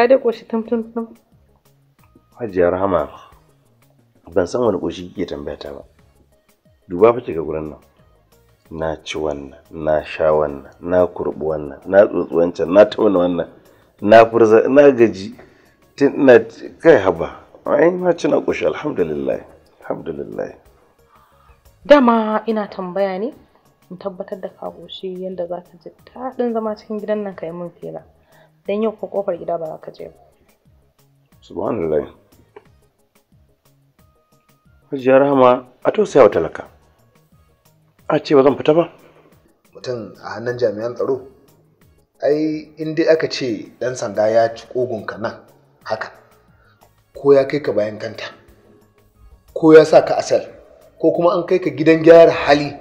Ka dai ƙoshi tum tum tum. Hajiya Rahama ban san wani ƙoshi kike tambaya ta ba. Duba fa ga gurin nan. Na ci wannan, na sha wannan, na kurɓi wannan, na tsotsi wancan, na tauna wannan, na furza, na gaji. Tun ina kai haba. Ai ma ci na ƙoshi alhamdulillah. Alhamdulillah. Dama ina tambaya ne in tabbatar da ka ƙoshi yadda za ka ji daɗin zama cikin gidan nan ka yi min fela. don yau ko kofar gida ba za ka je ba subhanallah hajiya rahama a sai wa talaka a ce ba zan fita ba mutum a hannun jami'an tsaro ai in dai aka ce dan sanda ya ci ka nan haka ko ya kai ka bayan kanta ko ya sa ka asal ko kuma an kai ka gidan gyara hali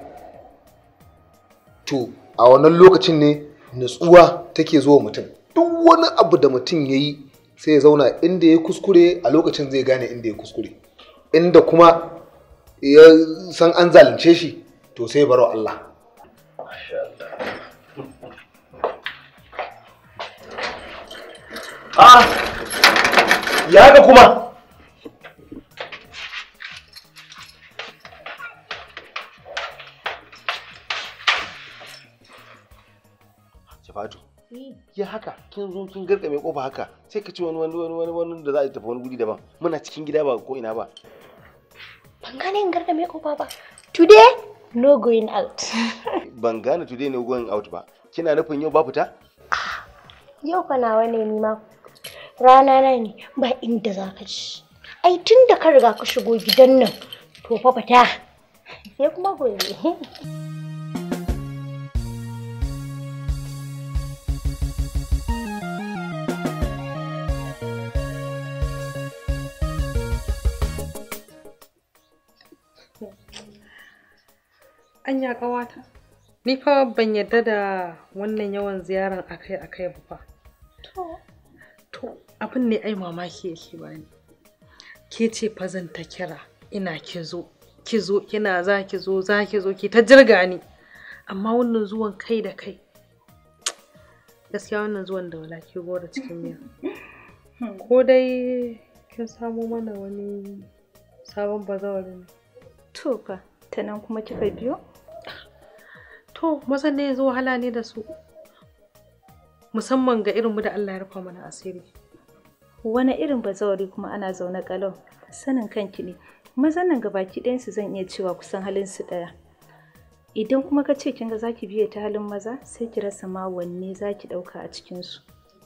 to a wannan lokacin ne nutsuwa take zuwa mutum wani abu da mutum ya yi sai ya zauna inda ya kuskure a lokacin zai gane inda ya kuskure inda kuma ya san an zalunce shi to sai baro Allah ah ya ga kuma Eh. ya haka kin zo kin garka mai kofa haka sai ka ci wani wani wani wani da za a tafi wani guri daban muna cikin gida ba ko ina ba ban gane in garka mai kofa ba today no going out ban gane today no going out ba kina nufin yau ba fita ah, yau fa nawa ne ni ma rana na ne ba inda za ka ci ai tun da ka riga ka shigo gidan nan to fa fita sai kuma gobe anya ƙawata ni fa ban yarda da wannan yawan ziyaran akai-akai ba fa to to abin ne ai mamaki yake ni, ke ce fa zan ta kira ina kizo, zo ki zo kina za ki zo za ki zo ki ta jirga ni amma wannan zuwan kai da kai gaskiya wannan zuwan da wala ki gora cikin miya ko dai kin samo mana wani sabon bazawarin. to fa ta kuma kika biyo to mazan ne zo wahala ne da su musamman ga irinmu da Allah ya rufa mana asiri wani irin bazawari kuma ana zaune kalau sanin kanki ne mazan nan ga gabaki ɗayansu zan iya cewa kusan halin su ɗaya idan kuma ka ce kinga zaki biye ta halin maza sai ki rasa ma wanne zaki ɗauka a cikinsu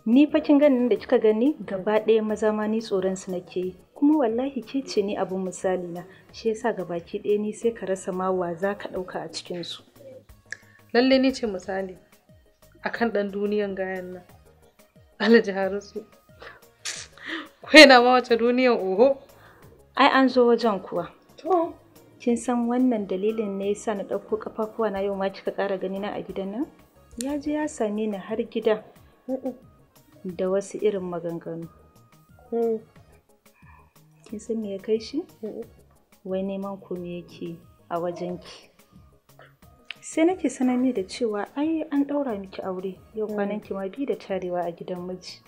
ni fa kin ganin da kika gani gaba ɗaya maza ma ni tsoron su nake yi kuma wallahi ke ce ni abin misali na shi yasa gabaki ɗaya ni sai ka rasa ma wa za ka ɗauka a cikinsu lallai ni ce misali A kan ɗan duniyan gayan nan alhaji harisu yana ma wace duniyan oho ai an zo wajen kuwa to kin san wannan dalilin ne yasa na ɗauko kafafuwa na yau ma kika ƙara gani na a gidan nan ya je ya same ni har gida da wasu irin maganganu mm. kin san me ya kai shi wai neman ku yake a wajenki sai nake sanar ne da cewa ai an ɗaura miki aure yau hmm. kwanan ki ma bi da tarewa a gidan miji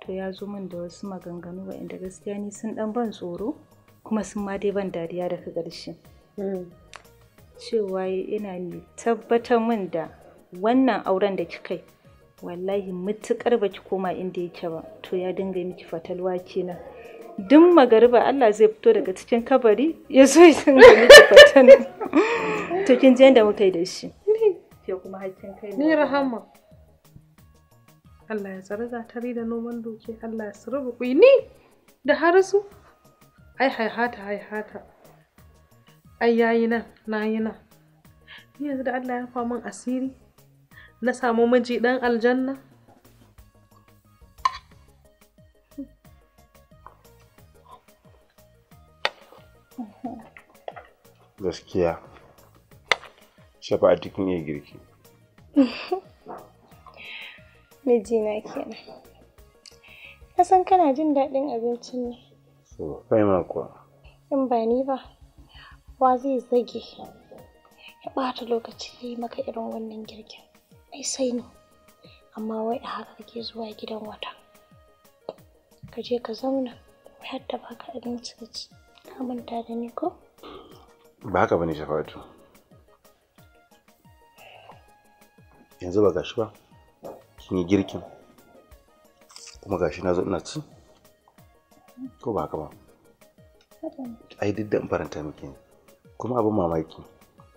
to ya zo min da wasu maganganu waɗanda gaskiya ni sun ɗan ban tsoro kuma sun ma dai ban dariya daga ƙarshe hmm. cewa yana ne tabbatar min da wannan auren da kika yi wallahi mutukar baki koma inda yake ba to ya dinga miki fatalwa kenan duk magariba Allah zai fito daga cikin kabari ya zo yi sun gani da fatan tukin jiyan da muka yi da shi ke kuma hakkin kai ni rahama Allah ya za tare da noman doke Allah ya tsara bukui ni da harasu ai haihata haihata ai yayi nan na yi nan ni yanzu da Allah ya fa min asiri na samu miji dan aljanna gaskiya shafa'a cikin iya girki mijina kenan ka san kana jin daɗin abincin ne kai ma kuwa in ba ni ba wa zai zage ya ɓata lokaci ya yi maka irin wannan girkin ai sai ni amma wai a haka kake zuwa gidan wata ka je ka zauna har da baka abinci ka ci ka manta da ni ko ba haka bane shafatu yanzu ba gashi ba kin yi girkin kuma gashi na zo ina ci ko ba haka ba ai duk da in faranta miki ne kuma abin mamaki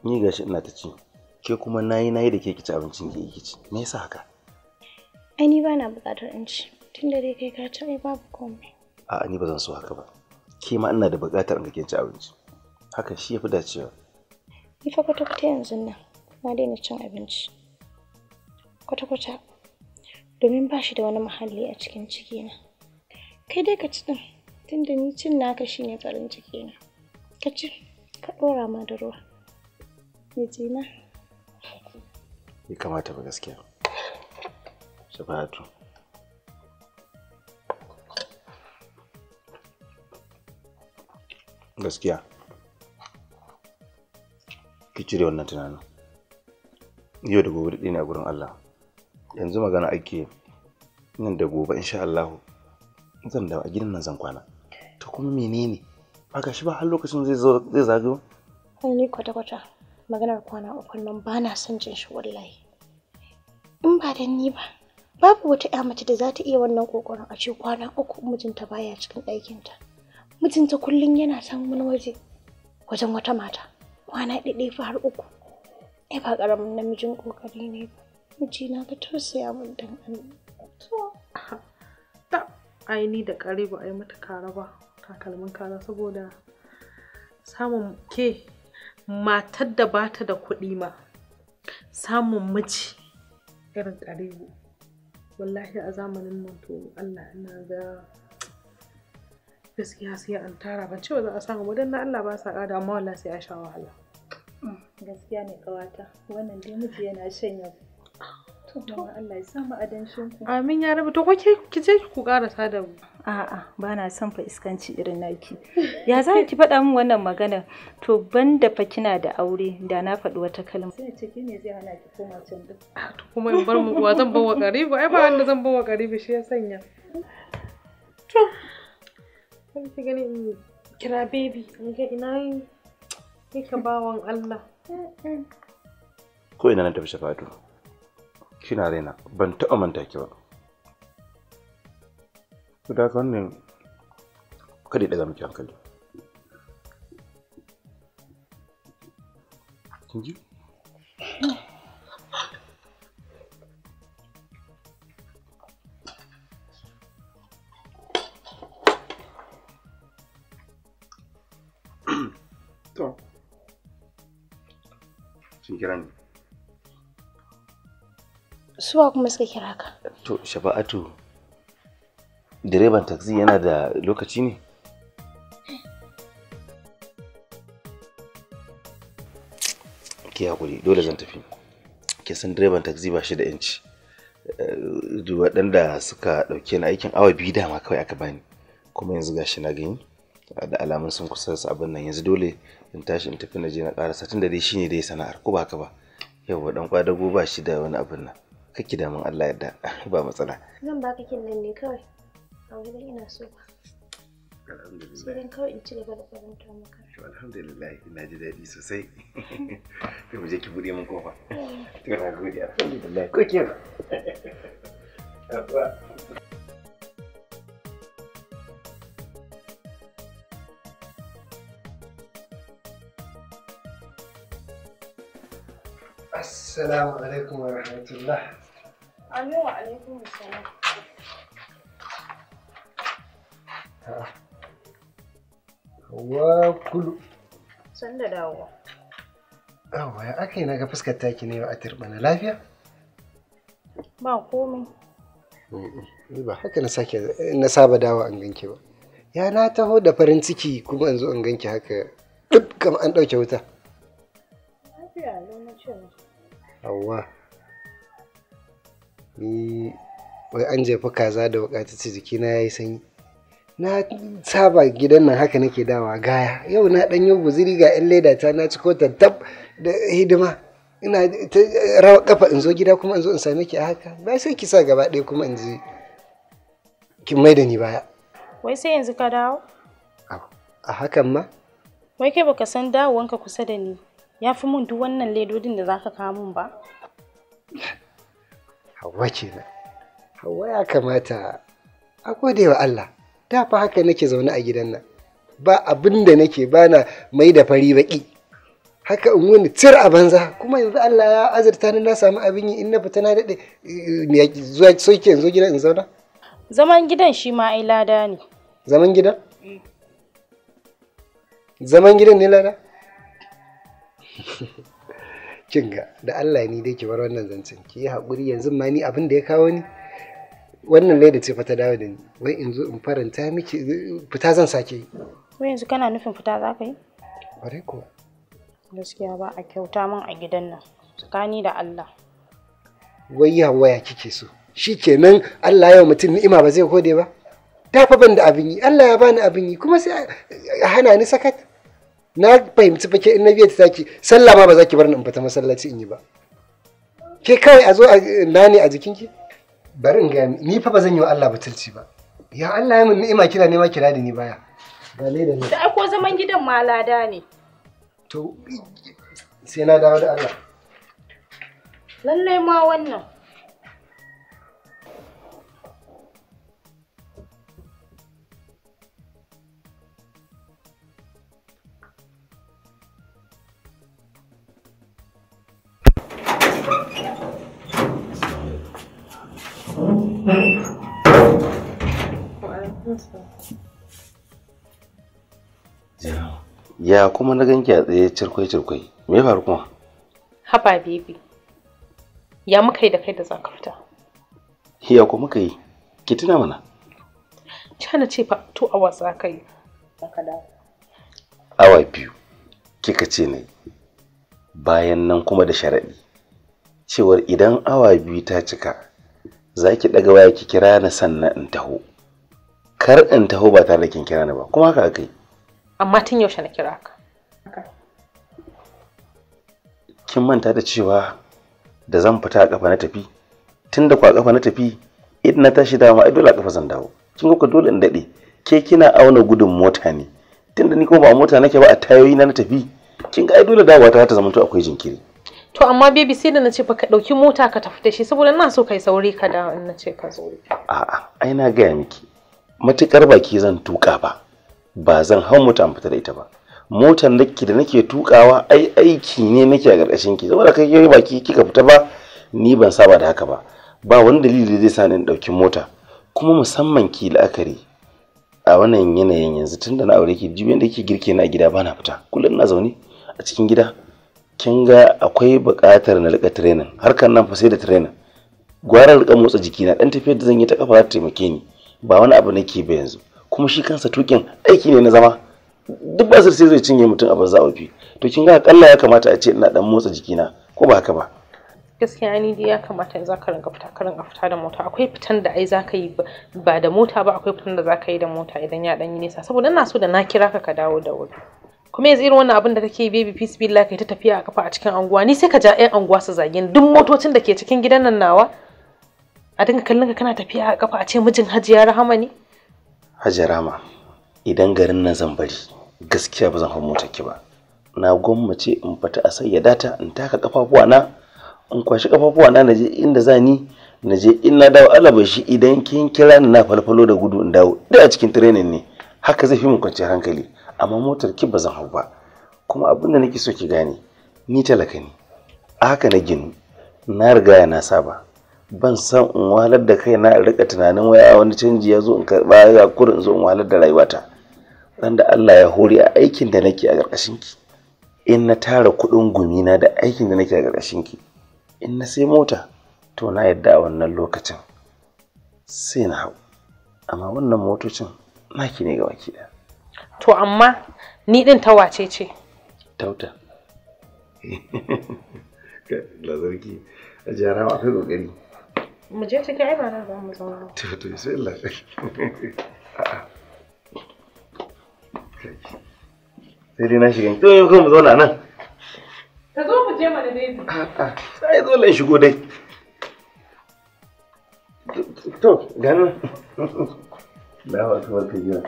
ni gashi ina ta ci ke kuma nayi nayi da ke kici abincin ke yi me yasa haka ai ni bana buƙatar in ci tunda dai kai ka ci ai babu komai a'a ni ba zan so haka ba ke ma ina da buƙatar in ga ci abinci haka shi ya fi dacewa ni fa kwata-kwata yanzu nan na daina cin abinci kwata-kwata domin ba shi da wani muhalli a cikin ciki na kai dai ka ci din tunda ni cin naka shi ne farin na ka ci ka ɗora ma da ruwa na. ya kamata ba gaskiya Shabatu. gaskiya ki cire wannan tunanin yau da gobe daɗi ne a gurin Allah yanzu magana ake nan da gobe insha Allah zan da a gidan nan zan kwana to kuma menene ba ga shi ba har lokacin zai zai zagayo ni kwata kwata maganar kwana uku nan ba na son jin shi wallahi in ba dan ni ba babu wata ƴa mace da za ta iya wannan kokorin a ce kwana uku mijinta baya cikin ɗakinta mijinta kullum yana san wani waje wajen wata mata kwana ɗaiɗai fa har uku ai ba ƙaramin namijin ƙoƙari ne ba mijina ka tausaya min dan to ta ai ni da ƙare ba ai mata kara ba takalmin kara saboda samun ke matar da ba ta da kuɗi ma samun miji irin ƙaribu wallahi a zamanin nan to Allah ina ga gaskiya sai an tara ban cewa za a samu dan Allah ba sa ƙada amma wallahi sai a sha wahala gaskiya ne kawata wannan dai miji yana shanya to kuma Allah ya sa mu adanshin ku amin ya rabu to ko ke ki je ku karasa da mu a'a ba na son fa iskanci irin naki ya za ki faɗa min wannan magana to banda fa kina da aure da na faɗi wata kalma sai ciki ne zai hana ki koma can duk ah, to kuma in bar mu kuwa zan bawa garibi ai ba wanda zan bawa karibu shi ya sanya to ki gani kira baby ina yake bawon Allah ko ina na tafi shafatu kina raina ban taɓa manta ki ba ku da ka wannan kada ɗaga miki hankali kin ji kin suwa kuma suka kira ka to shafa'atu direban taxi yana da lokaci ne ke hakuri dole zan tafi ke san direban taxi ba shi da yanci eh, waɗanda suka ɗauke ni aikin awa biyu dama kawai aka bani kuma yanzu gashi na gani da alamun sun kusa su abin nan yanzu dole in tashi in tafi na je na karasa tunda dai shine dai sana'ar ko ba ka ba yawwa dan kwadago ba shi da wani abin nan kake da mun Allah yadda ba matsala zan baka kin nan ne kawai a wurin ina so ba sai dan kawai in ci gaba da faranta maka alhamdulillah ina ji daɗi sosai to mu je ki bude min kofa to na gode alhamdulillah ko ba السلام عليكم wa الله wa السلام ها هو kulu. San da أوه يا na ga fuskar taki ne a turɓana lafiya? Ba haka na sake na saba dawa an ba. Ya na taho da farin ciki kuma an zo an ganke haka duk an ɗauke wuta. Hauwa ni wai an jefa kaza da wuƙa ta ce jikina ya yi sanyi na saba gidan nan haka nake dawa gaya yau na ɗan yi guziri ga 'yan leda ta na ciko tab da hidima ina ta rawa kafa in zo gida kuma in zo in same ki a haka ba sai ki sa gaba ɗaya kuma in ji kin mai da ni baya wai sai yanzu ka dawo a hakan ma wai kai baka san dawowanka kusa da ni ya fi mun duk wannan ledodin da za ka kawo mun ba? Hauwa kenan. Hawa ya kamata a gode wa Allah. Da fa haka nake zaune a gidan nan. Ba abin da nake na mai da fari baki. Haka in wani tir a banza kuma yanzu Allah ya azurta ni na samu abin yi in na fita na daɗe zuwa soke yanzu gidan in zauna. Zaman gidan shi ma ai lada ne. Zaman gidan? Zaman gidan ne lada? Cinga da Allah ni dai ki bar wannan zancen ki yi haƙuri yanzu ma ni abin da ya kawo ni wannan laida ce fa ta dawo da ni wai in zo in faranta miki fita zan sake yi wai yanzu kana nufin fita za ka yi bare ko. gaskiya ba a kyauta min a gidan nan tsakani da Allah wai waya kike so Shi kenan Allah yau mutum ni'ima ba zai kode ba ta fa ban da abin yi Allah ya bani abin yi kuma sai a hana ni sakat na fahimci fa ke in na biya ta zaki sallah ma ba za ki bar ni in fita masallaci in yi ba ke kai a zo a nane a jikinki bari in gaya ni fa ba zan yi wa Allah batulci ba ya Allah ya mun ni'ima kina ma kira da ni baya ba ne da ni da ko zaman gidan ma lada ne to sai na dawo da Allah lallai ma wannan Ya kuma na ganki a tsaye cirkwai-cirkwai. Me faru kuma? Haba bebi. Ya muka yi da kai da za fita. Ya kuma muka yi? Ki tuna mana. Cana ce fa to awa za ka yi. Awa biyu. Kika ce ne. Bayan nan kuma da sharaɗi. Cewar idan awa biyu ta cika za ki ɗaga waya ki kira ni sannan in taho kar in taho ba tare da kin kira ni ba kuma haka kai amma tun yaushe na kira ka kin manta da cewa da zan fita a kafa na tafi tun da kwa kafa na tafi idan na tashi dama ai dole a kafa zan dawo kin ga dole in dade ke kina auna gudun mota ne tun da ni kuma ba a mota nake ba a tayoyi na na tafi kin ga ai dole dawo ta ta zamanto akwai jinkiri to amma baby sai da nace baka dauki mota ka tafi da shi saboda na so kai sauri ka da na ce ka zo a'a ai na gaya miki matukar baki zan tuka ba ba zan hau mota an fita da ita ba motar nake da nake tukawa ai aiki ne nake a karkashin ki saboda kai kai baki kika fita ba ni ban saba da haka ba ba wani dalili da zai sa ni dauki mota kuma musamman ki la'akari a wannan yanayin yanzu tunda na aure ki jibi da ke girke na gida bana fita kullum na zaune a cikin gida kin ga akwai buƙatar na rika training harkan nan fa sai da training gwara rika motsa jiki na dan tafiyar da zan yi ta kafa ta taimake ni ba wani abu nake ba yanzu kuma shi kansa tukin aiki ne na zama duk basir sai zai cinye mutum a banza to kin ga akalla ya kamata a ce ina dan motsa jiki na ko ba haka ba gaskiya ni dai ya kamata in zaka rinka fita karin fita da mota akwai fitan da ai zaka yi ba da mota ba akwai fitan da zaka yi da mota idan ya dan yi nisa saboda ina so da na kira ka ka dawo da wuri kuma yanzu irin wannan abin da kake baby peace billah kai ta tafiya a kafa a cikin anguwa ni sai ka ja yan anguwa su zage ni duk motocin da ke cikin gidan nan nawa a dinga kallon ka kana tafiya a kafa a ce mijin hajiya rahama ne hajiya idan garin na zan bari gaskiya ba zan hau motar ki ba na gwammace in fita a sayyada ta in taka kafafuwa na in kwashi kafafuwa na naje inda zani naje in na dawo alaba shi idan kin kira ni na falfalo da gudu in dawo duk a cikin training ne haka zai fi mun kwanciyar hankali amma motar ki ba zan hau ba kuma abin da nake so ki gane ni talaka ne a haka na ginu na riga na saba ban san in wahalar da kai na rika tunanin waya wani canji ya zo in karba ya zo in walar da rayuwata dan da Allah ya hore a aikin da nake a ƙarƙashin ki in na tara kuɗin na da aikin da nake a ƙarƙashin ki in na sai mota to na yadda a wannan lokacin sai na hau amma wannan motocin naki ne ga baki ɗaya to amma ni din ta wace ce tauta lazarki a jarawa akwai kokari mu je cikin ai ba na za mu zama. to to sai Allah sai dai na shiga to yau kan mu zauna nan ka zo mu je mana dai a'a sai zo lan shigo dai to ganin. Na Allahu akbar kabira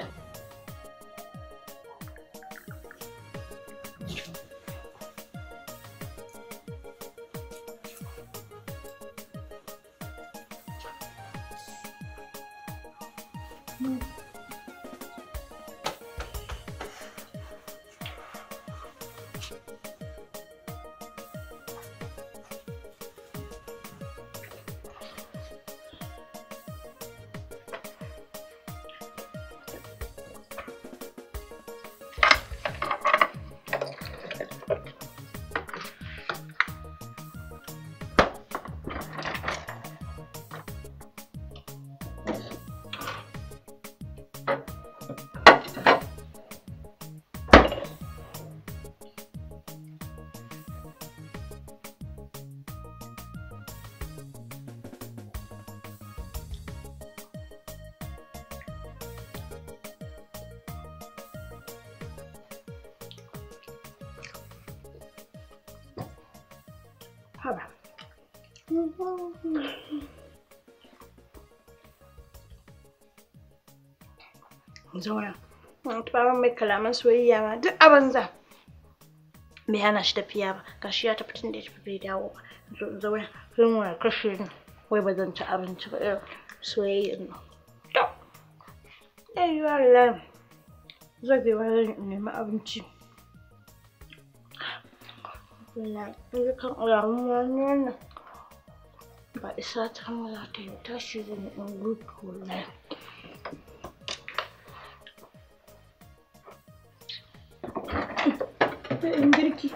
zauna an taɓa mai kalaman soyayya ma duk a banza bai hana shi tafiya ba shi ya tafi tun da ya tafi bai dawo ba zauna sun wani kashe ne, wai ba zan ci abinci ba irin soyayya nan to ai wallahi zabe ba zan nemi abinci wallahi kan alamun wani wannan ba isa ta mana ta yi tashi in gudu wallahi ta in girki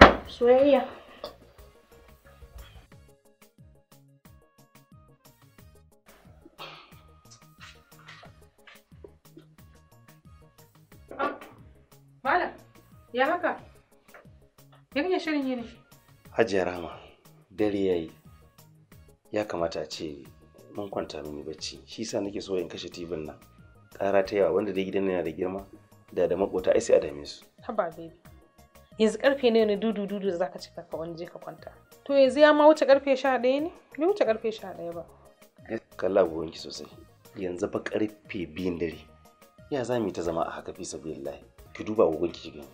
ya haka? Ya shirin yi ne? Hajiya Rama, dare ya yi. ya kamata a ce mun kwanta mini bacci shi sa nake so in kashe TV nan ƙara ta yawa wanda dai gidan yana da girma da da makota ai sai a dame su haba baby yanzu karfe ne ne dudu dudu da zaka cika ka wani je ka kwanta to yanzu ya ma wuce karfe 11 ne bai wuce karfe 11 ba eh, kalla gowanki sosai yanzu fa karfe biyun dare ya za mu ta zama a haka fi sabilillahi ki duba gogonki ki gani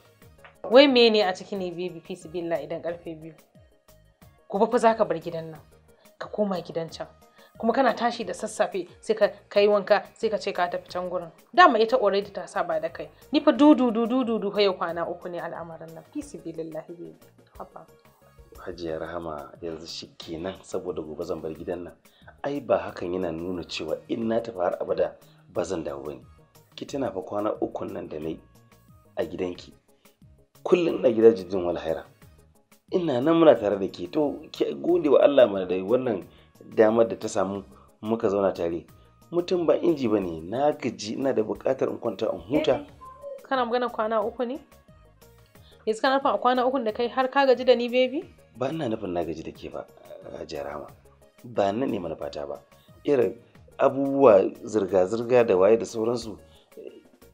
wai ne a ciki ne baby fi sabilillahi idan karfe biyu gobe fa zaka bar gidan nan ka koma gidan can kuma kana tashi da sassafe sai ka kai wanka sai ka ce ka tafi can gurin dama ita already ta saba da kai ni fa dudu dudu dudu hayo kwana uku ne al'amarin nan fi sibilillahi haba hajiya rahama yanzu shi kenan saboda gobe zan bar gidan nan ai ba hakan yana nuna cewa in na tafi har abada ba zan dawo bane ki tana fa kwana uku nan da nai a gidanki kullum na gidan jijin walhaira ina nan muna tare da ke to gode wa Allah mana da wannan damar da ta samu muka zauna tare mutum ba inji ba ne na gaji ina da buƙatar in kwanta in huta eh, kana magana kwana uku ne yanzu kana nufin a kwana uku da kai har ka gaji da ni baby ba ina nufin na gaji da ke ba jarama ba nan ne manufata ba irin abubuwa zirga-zirga da waye da sauransu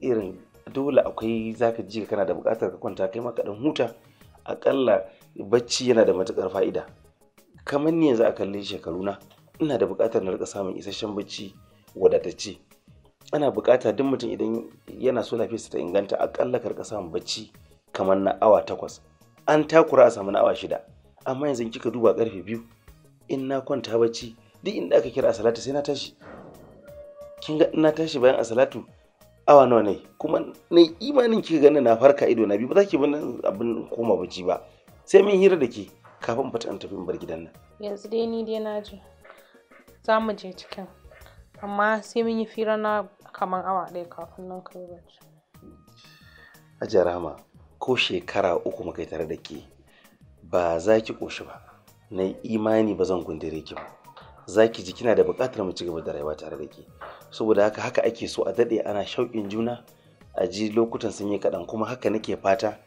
irin dole akwai zaka ji kana da buƙatar ka kwanta kai ma ka dan huta akalla bacci yana da matukar fa'ida kamar ni yanzu a kalle na, ina da buƙatar na rika samun isasshen bacci wadatacce ana buƙata duk mutum idan yana so lafiyarsa ta inganta akalla ka rika samun bacci kamar na awa takwas an takura a samu na awa shida amma yanzu kika duba karfe biyu in na kwanta bacci duk inda aka kira a salatu sai na tashi kin ga na tashi bayan a salatu awa nawa ne kuma ne imanin kika gani na farka ido na biyu ba za ki bin abin koma bacci ba sai mun hira da ke kafin fita in tafi bar gidan nan yanzu dai ni dai na je za mu je cikin amma sai mun yi fira na kamar awa ɗaya kafin nan kai bacci Hajiya Rahama ko shekara uku muka yi tare da ke ba za ki ƙoshi ba na imani ba zan gundare ki ba za ki ji kina da buƙatar mu ci gaba da rayuwa tare da ke saboda haka haka ake so a daɗe ana shauƙin juna a ji lokutan sun yi kaɗan kuma haka nake fata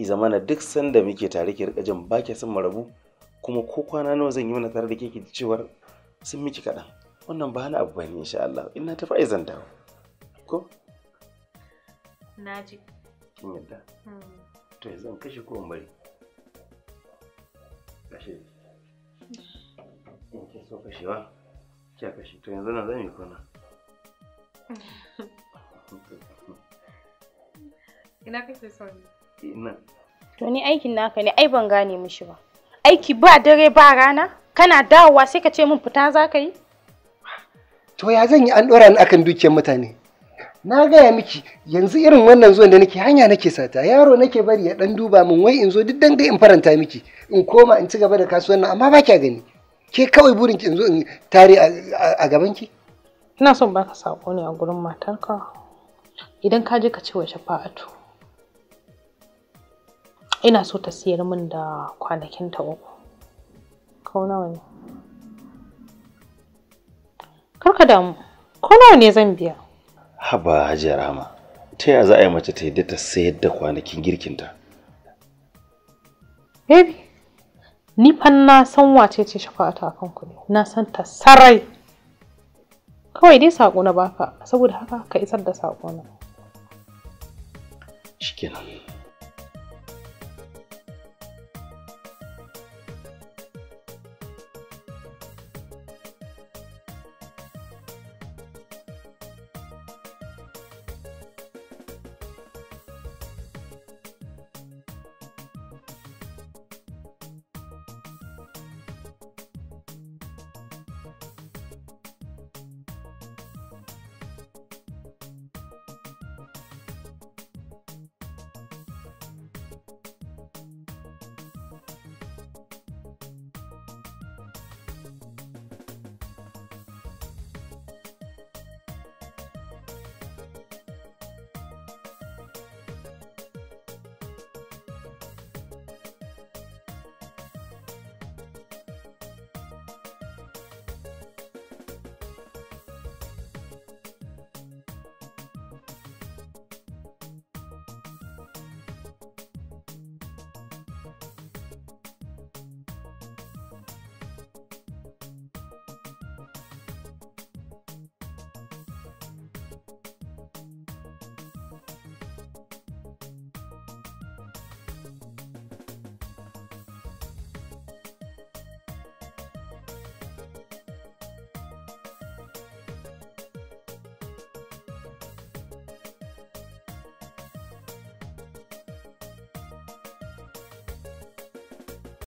i zamana duk sanda muke tare ki rika jin ba ki san marabu kuma ko kwana nawa zan yi mana tare da ke ki cewar sun miki kaɗan wannan ba na abu ba ne insha Allah in na tafi ai zan dawo ko naji kin yadda hmm. to yanzu an kashe ko bari kashe in kin so kashewa kya kashe to yanzu na zan yi kona ina kake son kenan to ni aikin naka ne ai ban gane mishi ba aiki ba dare ba rana kana dawowa sai ka ce min fita za ka yi to ya zan yi an ɗora ni akan dukiyar mutane na gaya miki yanzu irin wannan zuwan da nake hanya nake sata yaro nake bari ya ɗan duba min wai in zo duk dan in faranta miki in koma in ci gaba da kasuwancin amma ba kya gani ke kawai burin ki in zo in tare a gaban ki ina son baka sako ne a gurin matarka idan ka je ka ce wa shafa'atu ina so ta siyar min da kwanakin ta uku nawa karka damu ko nawa ne zan biya haba hajiya rama ta yaya za a yi mace ta yadda ta sayar da kwanakin girkinta baby ni fa na san wace ce a akan ne, na san ta sarai kawai dai saƙo na baka saboda haka ka isar da saƙo na shikenan